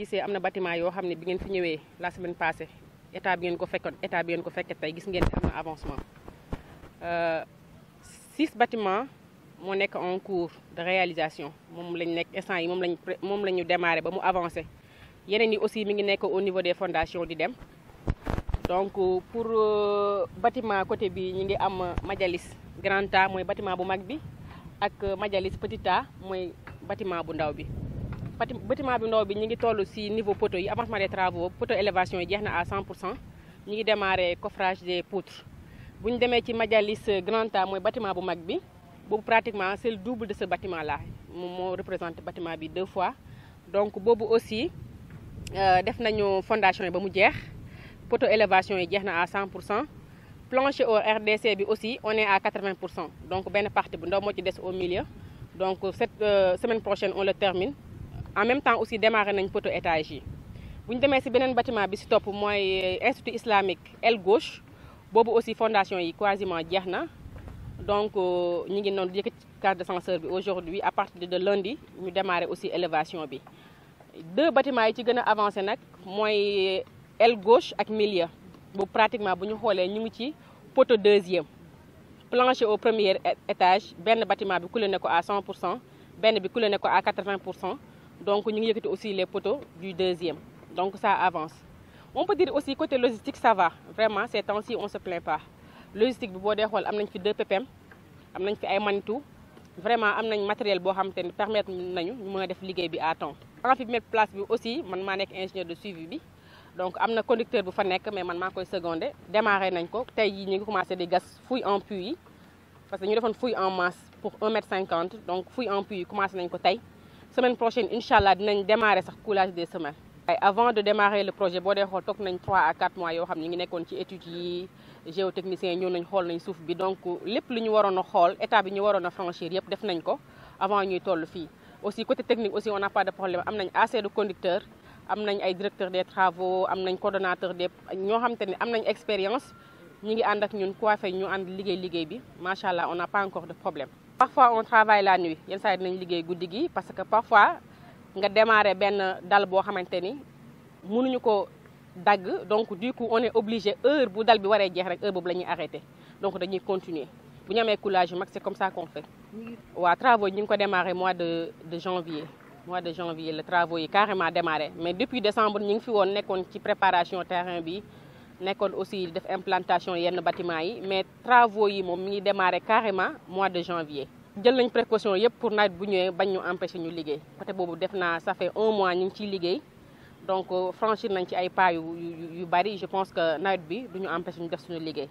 gisee am na batiment yoo xam ne bi ngeen fi ñëwee la semaine passée état bi ngeen ko fekkoon état bi ngeen ko fekkee tey gis ngeen ne am na avancement euh, six bâtiments moo nekk en cours de réalisation moom lañ nekk instant yi lañ moom la ñu démarré ba mu avancé yeneen yi aussi mi ngi nekk au niveau des fondations di dem donc pour euh, bâtiment côté bi ñu ngi am majalis grand A mooy batiment bu mag bi ak majalis petit A mooy bâtiment bu ndaw bi bâtiment bi ndaw bi ñu ngi toll ci niveau poteau yi avancement des travaux poteau élévation yi jeex na à 100 pour cent ñu ngi démarré coffrage des poutres bu ñu demee ci Madialis Grand A mooy bâtiment bu mag bi boobu pratiquement c'est le double de ce bâtiment la moom moo représenté bâtiment bi deux fois donc boobu aussi euh, def nañu fondation yi ba mu jeex poteau élévation yi jeex na à 100 pour cent plancher au RDC bi aussi on est à 80 pour cent donc benn partie bu ndaw moo ci des au milieu donc cette euh, semaine prochaine on le termine en même temps aussi démarré nañ poto étage yi bu ñu demee si beneen bâtiment bi si topp mooy euh, institut islamique aile gauche boobu aussi fondation yi quasiment jeex na donc euh, ñu ngi noonu yëkkati case de censeur bi aujourd'hui à partir de lundi ñu démarré aussi élévation bi deux bâtiments yi ci gën a avancé nag mooy euh, aile gauche ak milieu boobu pratiquement bu ñu xoolee ñu ngi ci poteau deuxième plancher au premier étage benn bâtiment bi coulé ne ko à 100 pour cent benn bi coulé ne ko à pour cent donc ñu ngi yëkkati aussi les poteaux du deuxième donc ça avance on peut dire aussi côté logistique ça va vraiment ces temps-ci on se plaint pas logistique bi boo dee xool am nañ fi deux ppm am nañ fi ay manitou vraiment am nañ matériel boo xam te ne permettre nañu ñu mën def liggéey bi à temps en fi mettre place bi aussi man maa nekk ingénieur de suivi bi donc am na conducteur bu fa nekk mais man maa koy secondé démarré nañ ko tey jii ñu ngi commencé di gas fouille en puits yi parce que ñu defoon fouille en masse pour 1 mètre 50 donc fouille yi commencé nañ ko tey semaine prochaine incha allah dinañ démarrer sax coulage des semelles. waaye avant de démarrer le projet boo dee xool toog nañ 3 à 4 mois yoo xam ñu ngi nekkoon ci études géotechnicien ñëw nañ xool nañ suuf bi donc lép lu ñu waroon a xool état bi ñu waroon a franchir yëpp def nañ ko avant ñuy toll fii. aussi côté technique aussi on n'a pas de problème am nañ assez de conducteurs am nañ ay directeurs des travaux am nañ coordonnateur des ñoo xam te am nañ expérience. ñu ngi ànd ak ñun coiffé ñu ànd liggéey liggéey bi macha allah on n'a pas encore de problème. parfois on travaille la nuit yenn saa yi liggéey guddi gi parce que parfois nga démarrer benn dal boo xamante ni mënuñu ko dagg donc du coup on est obligé heure bu dal bi waree jeex rek heure boobu la ñuy arrêté donc dañuy continuer bu ñu amee yu mag c'est comme ça qu'on fait. waaw travaux yi ñu ngi ko démarré mois de de janvier. mois de janvier la travaux yi carrément démarré mais depuis décembre ñu ngi fi woon nekkoon ci terrain bi. nekkoon aussi def implantation yenn bâtiment yi mais travaux yi moom mi ngi démarré carrément mois de janvier. jël nañ précaution yëpp pour nawet bu ñëwee bañ ñu empêché ñu liggéey côté boobu def na ça fait un mois ñu ngi ciy liggéey donc euh, franchir nañ ci ay pas yu yu yu bari je pense que nawet bi du ñu empêché ñu def suñu liggéey.